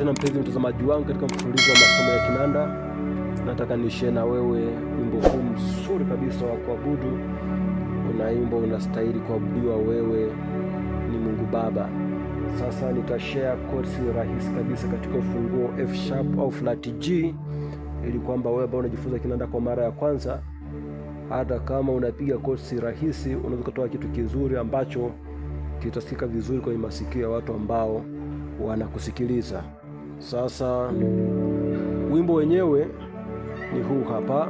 tena mpenzi mtazamaji wangu katika mfululizo wa masomo ya kinanda. Nataka nishe na wewe wimbo huu mzuri kabisa wa kuabudu, unaimba unastahili kuabudiwa, wewe ni Mungu Baba. Sasa nitashare kosi rahisi kabisa katika ufunguo F sharp au flat G, ili kwamba wewe ambao unajifunza kinanda kwa mara ya kwanza, hata kama unapiga kosi rahisi, unaweza kutoa kitu kizuri ambacho kitasikika vizuri kwenye masikio ya watu ambao wanakusikiliza. Sasa wimbo wenyewe ni huu hapa.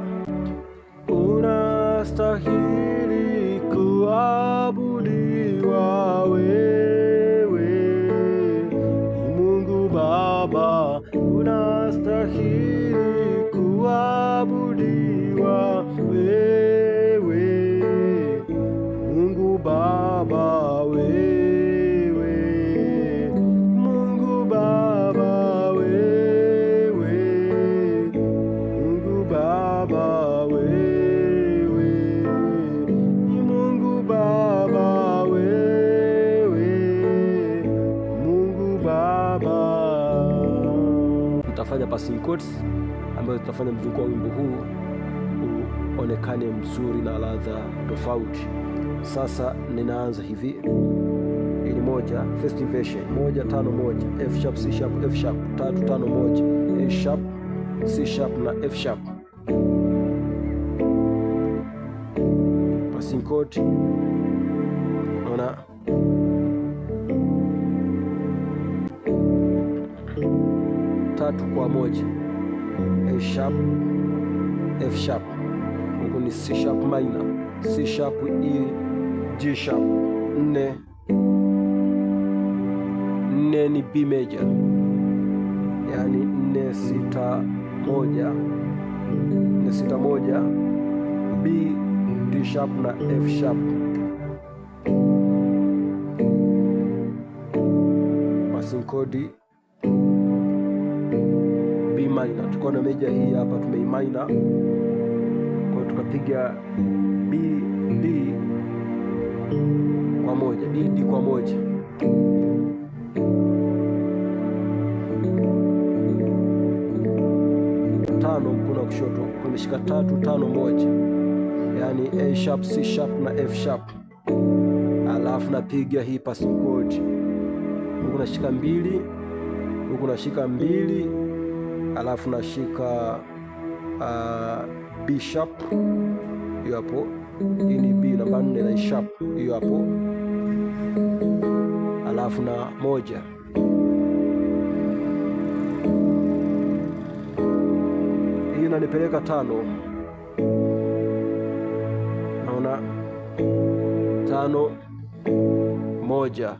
Unastahili kuabudiwa wewe, Mungu Baba, unastahili kuabudiwa wewe, Mungu Baba passing chords ambazo zitafanya mzunguko wa wimbo huu uonekane mzuri na ladha tofauti. Sasa ninaanza hivi, ili moja, first inversion moja tano moja, F sharp C sharp F sharp tatu tano moja, A sharp C sharp na F sharp, passing chord ona tatu kwa moja A sharp, F sharp, huku ni C sharp minor, C sharp, E, G sharp. Nne nne ni B major, yaani nne sita moja, nne sita moja, B, D sharp na F sharp. kodi minor. Tulikuwa na meja hii hapa minor. kwa tukapiga B D kwa moja, B D kwa moja tano kuna kushoto tumeshika tatu tano moja, yaani A sharp, C sharp na F sharp, alafu napiga hii passing chord huku nashika mbili, huku nashika mbili alafu nashika uh, B sharp hiyo hapo. Hii ni B namba nne na sharp hiyo hapo, alafu na moja hii nanipeleka tano, naona tano moja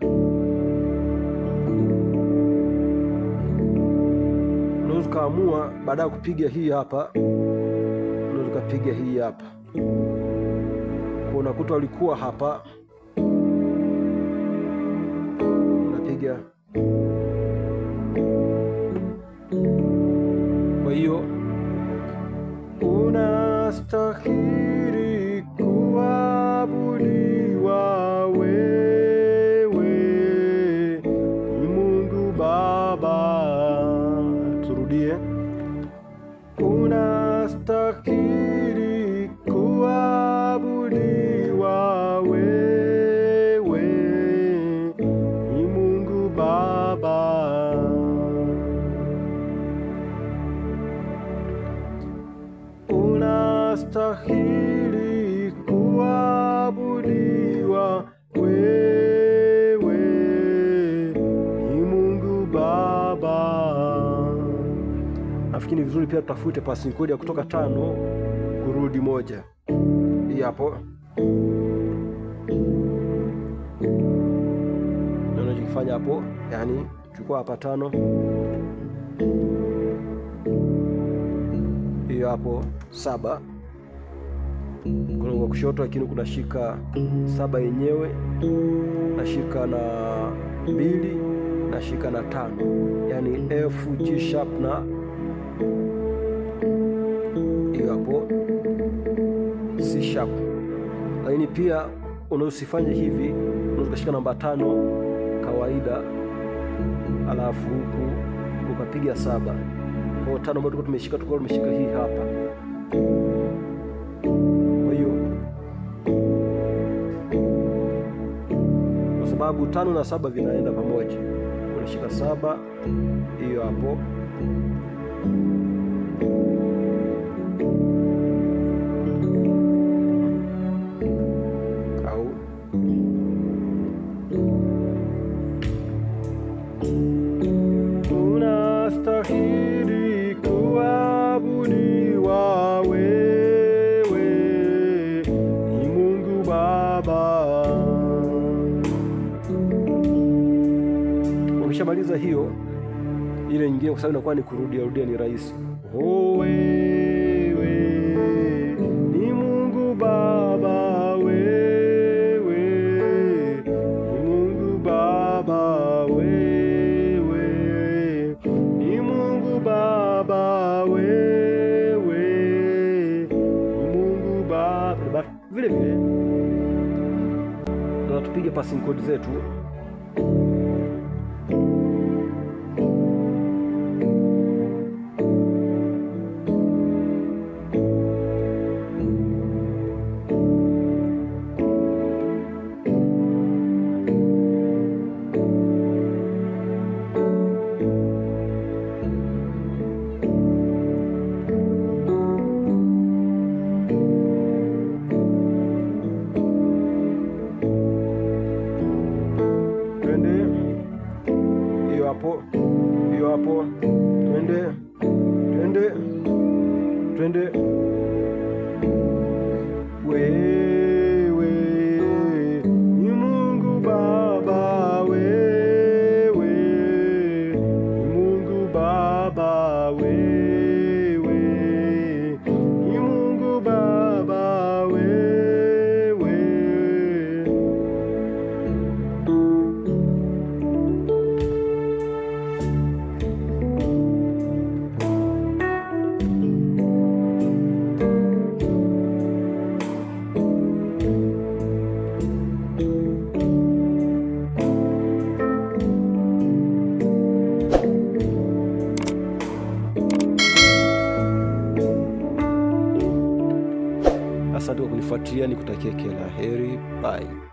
tukaamua baada ya kupiga hii hapa ndio tukapiga hii hapa kuna kuto alikuwa hapa napiga Kwa hiyo unastahili Una hasta aquí. nafikiri vizuri pia tutafute passing code ya kutoka tano kurudi moja. Hii hapo nachokifanya hapo, yani chukua hapa tano, hiyo hapo saba kuna kushoto, lakini kuna shika saba yenyewe na shika na mbili na shika na tano, yani F G sharp na sharp, lakini pia unaosifanya hivi unaweza kushika namba tano kawaida, alafu huku ukapiga saba kwa tano ambayo tuko tumeshika, tuko tumeshika hii hapa. Kwa hiyo kwa sababu tano na saba vinaenda pamoja, unashika saba hiyo hapo ukishamaliza hiyo ile nyingine, kwa sababu inakuwa ni kurudia rudia, ni rahisi. Oh, wewe ni Mungu Baba, wewe ni Mungu Baba, wewe ni Mungu Baba, wewe ni Mungu Baba. Vile vile passing code zetu. twende hiyo hapo, hiyo hapo, twende twende twende we kutufuatilia, kutakia kila heri. Bye.